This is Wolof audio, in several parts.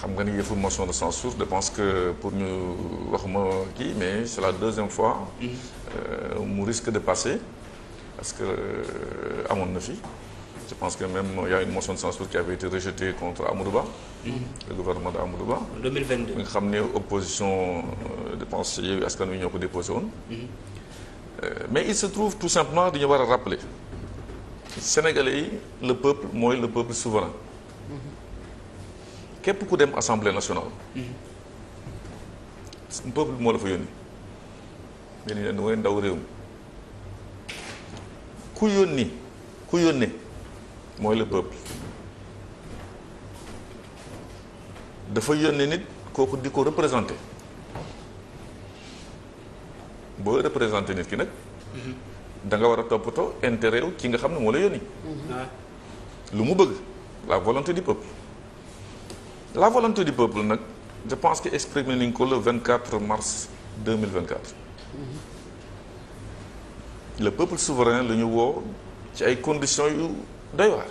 xam nga ni yëfu motion de censure je pense que pour wax waxuma kii mais c'est la deuxième fois euh, mu risque de passer parce que euh, amoon na fi je pense que même il y a une motion de censure qui avait été rejetée contre Amadou Ba mm -hmm. le gouvernement de Amadou Ba 2022 nga xam ne opposition je euh, pense Yewwi Askan Wi ñoo ko déposé woon mhm. mais il se trouve tout simplement dañu war a rappeler Sénégalais yi le peuple mooy le peuple souverain mm képp ku dem assemblée nationale. suñu peuple moo la fa yónni. mais ni leen mooy ndaw réew mi ku yónni ku yónnee mooy le peuple dafa yónni nit kooku di ko représenté boo représenté nit ki nag. da nga war a toppatoo intérêt ki nga xam ne moo la yónni. Mm-hmm. lu mu bëgg la volonté du peuple. la volonté du peuple nag je pense que exprimé nañ ko le 24 mars 2024. le peuple souverain la ñu woo ci ay conditions yu doy waar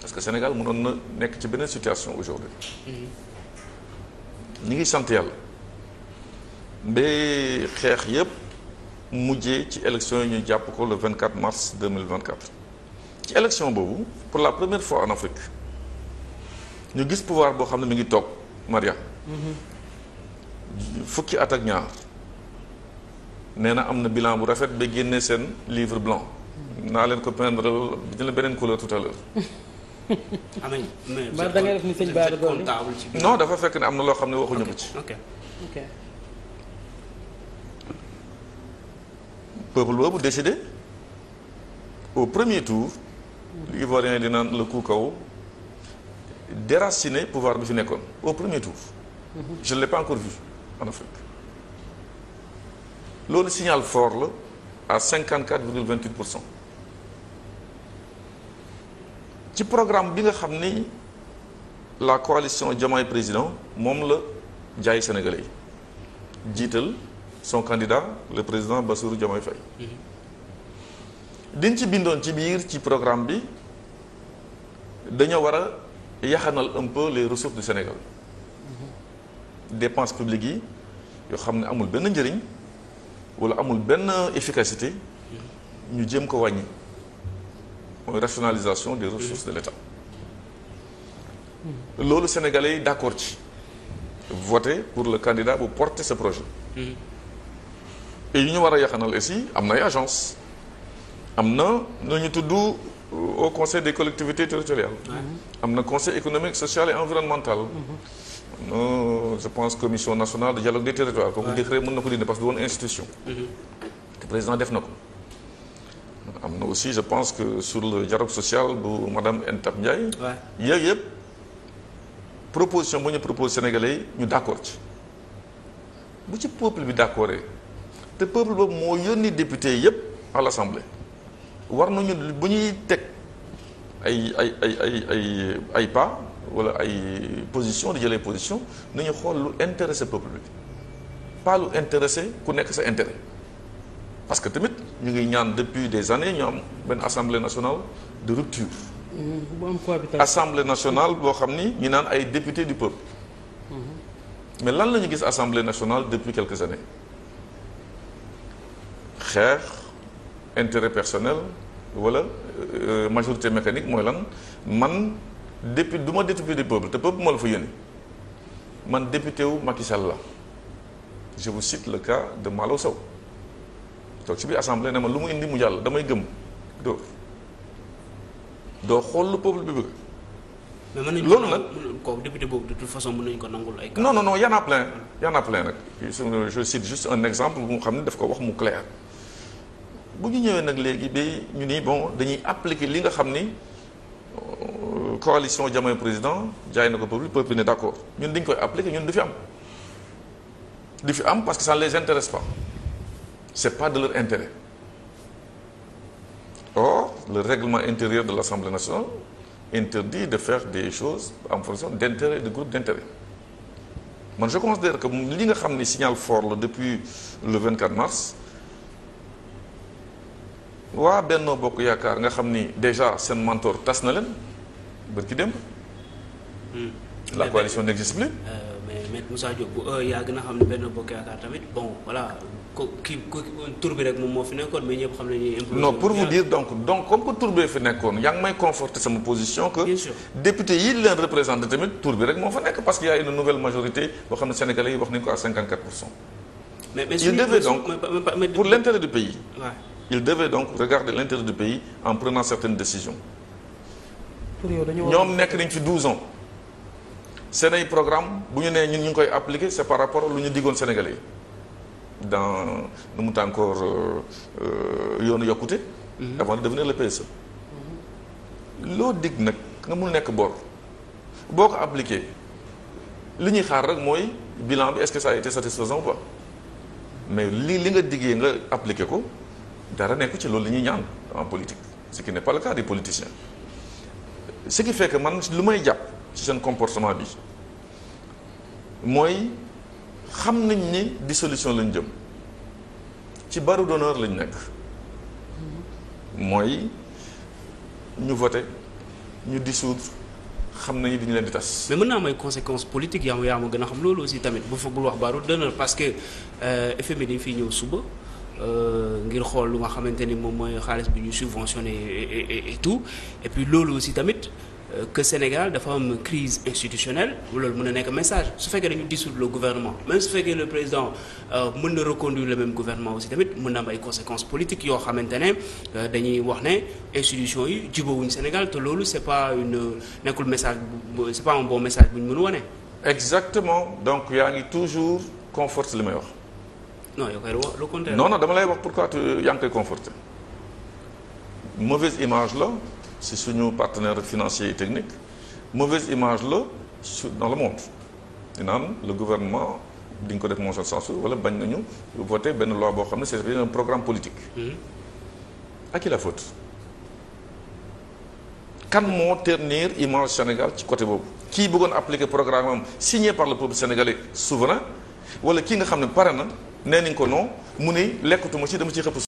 parce que Sénégal mënoon na nekk ci beneen situation aujourd'hui ñi ngi sant yàlla ba xeex yépp mujjee ci élection yi ñu jàpp ko le 24 mars 2024 ci élection boobu pour la première fois en Afrique ñu gis pouvoir boo xam ne mu ngi toog Maria. fukki at ak ñaar nee na am na bilan bu rafet ba génne seen livre blanc. naa leen ko peindre dina beneen couleur tout à l'heure. am dafa fekk ne am na loo xam ne waxuñu ko ci. ok ok. peuple décidé au premier tour. Ivoirien di naan le coup kaw. déraciner pouvoir bi fi nekkoon au premier tour. je ne l'ai pas vu en Afrique. loolu signal fort la à cinquante quatre virgule vingt pour cent ci programme bi nga xam ni la coalition Diomaye président moom la jaay sénégalais yi jiital son candidat le président Bassirou Diomaye Faye diñ ci bindoon ci biir ci programme bi dañoo war yaxanal un peu les ressources du Sénégal dépenses publiques yi yoo xam ne amul benn njëriñ wala amul benn efficacité ñu jéem ko wàññi mooy rationalisation des ressources de l'État loolu sénégalais yi d'accord ci voté pour le candidat bu porter ce projet et yu ñu war a yaxanal aussi am na agence am na ñu tudd au conseil des collectivité territoriales mm-hmm. am na conseil économique social et environnemental mm-hmm. non je pense commission nationale de dialogue des territoires kooku décret mën na ko dindi parce que du institution mm-hmm. te président def na ko am na aussi je pense que sur le dialogue social bu madame Ntap Ndiaye yéeg yëpp proposition bu ñu propose sénégalais yi ñu d'accord ci bu ci peuple bi d'accordé te peuple boobu moo yónni député yëpp à l'assemblée war nañu bu ñuy teg ay ay ay ay ay ay pas wala ay position di jëlee position nañu xool lu intéressé peuple bi pas lu intéressé ku nekk sa intérêt parce que tamit ñu ngi ñaan depuis des années ñu am benn assemblée nationale de rupture. Mm-hmm. bu assemblée nationale boo xam ni ñu naan ay député du peuple. Mm-hmm. mais lan la ñu gis assemblée nationale depuis quelques années xeex. intérêt personnel wala euh, majorité mécanique mooy lan man député du ma député du peuple te peuple moo la fa yónni man député wu Macky la je vous cite le cas de Malaw Sow toog ci biir assemblée ne ma lu mu indi mu jàll damay gëm doo doo xool lu peuple bi bëgg. loolu nag ko député boobu de toute façon nañu ko nangul ay. non non a plein y en a plein nag je cite juste un exemple bu xam ne daf ko wax mu clair. bu ñu ñëwee nag léegi bi ñu nii bon dañuy appliquer li nga xam ni euh, coalition Diomaye président jaay na ko peuple peuple ne d'accord ñun dañ koy appliquer ñun du fi am du fi am parce que ça les intéresse pas c'est pas de leur intérêt or le règlement intérieur de l'Assemblée nationale interdit de faire des choses en fonction d'intérêt de groupe d'intérêt man je considère que li nga xam ni signal fort la depuis le 24 mars waa Bennoo Bokk Yaakaar nga xam ni déjà seen mentor tas na leen bërki démb hmm. la coalition n'existe plus euh, mais mais Moussa Diop yaa gën a xam ne Bennoo Bokk Yaakaar tamit bon voilà ko kii tur bi rek moom moo fi nekkoon mais ñëpp xam nañu non pour vous dire donc comme que tur bi fi nekkoon yaa ngi may conforter sama position que député yi leen représenté tamit tur bi rek moo fa nekk parce que y a une nouvelle majorité boo xam ne sénégalais yi wax nañu ko à il devait donc regarder l'intérêt du pays en prenant certaines décisions ñoom nekk nañ fi 12 ans seen ay programme bu ñu nee ñun ñu ngi koy appliquer c'est par rapport lu ñu diggoon Sénégalais yi dans nu mu tànn encore euh, euh, yoonu yokkute mhm. avant de devenir le PSE loo digg nag nga mun nekk bor boo ko appliqué li ñuy xaar rek mooy bilan bi est-ce que ça a été satisfaisant ou mais li li nga diggee nga appliqué ko dara nekku ci loolu la ñuy ñaan en politique ce qui n'est pas le si des politiciens man lu may jàpp ci seen comportement bi mooy xam nañ ni dissolution lañ jëm ci baru d'honneur lañu nekk mooy ñu voté ñu dissoudre xam nañu dañu leen di tas. mais mën naa am ay conséquences politiques yaa ma yaa ma gën a xam loolu aussi tamit bu fa bul wax baru d'honneur parce que euh, FMI dañ fiy ñëw suba. Euh, ngir xool lu nga xamante ni moom mooy xaalis bu ñu subventionné et tout et loolu aussi tamit euh, que Sénégal dafa am crise institutionnelle loolu mun a nekk message su fekkee dañu dissoudre le gouvernement même su fekkee le président euh, mën na reconduire le même gouvernement aussi tamit mun na am ay conséquences politiques yoo xamante ne dañuy wax ne institution yi jubawuñ Sénégal te loolu c'est pas une nekkul message c'est pas un message bu ñu mën a wane. exactement donc yaa ngi toujours conforte li may wax. non yow kay dama lay wax pourquoi yaa ngi koy conforté mauvaise image la si suñu partenaire financier et technique mauvaise image la su dans le monde naan le gouvernement di ko def motion de censure wala bañ nañu voté benn loi boo xam ne c'est un programme politique. Mm-hmm. à qui la faute. kan moo ternir image Sénégal ci côté boobu kii bëggoon appliquer programme am signé par le peuple sénégalais souverain wala ki nga xam ne pare na. nee nañ ko non mu ne lekkatuma ci dama ci xëpp